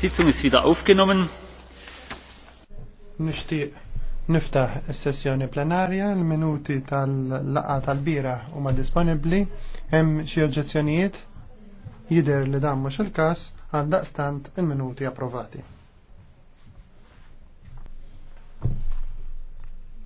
Sitzung ist wieder aufgenommen. Nishtiq niftaħ is-sessjoni plenarja, il minuti tal-laqa tal-bira huma disponibbli, hemm xi oġġezzjonijiet jidher li dan mhux il-każ għal daqstant il-minuti approvati.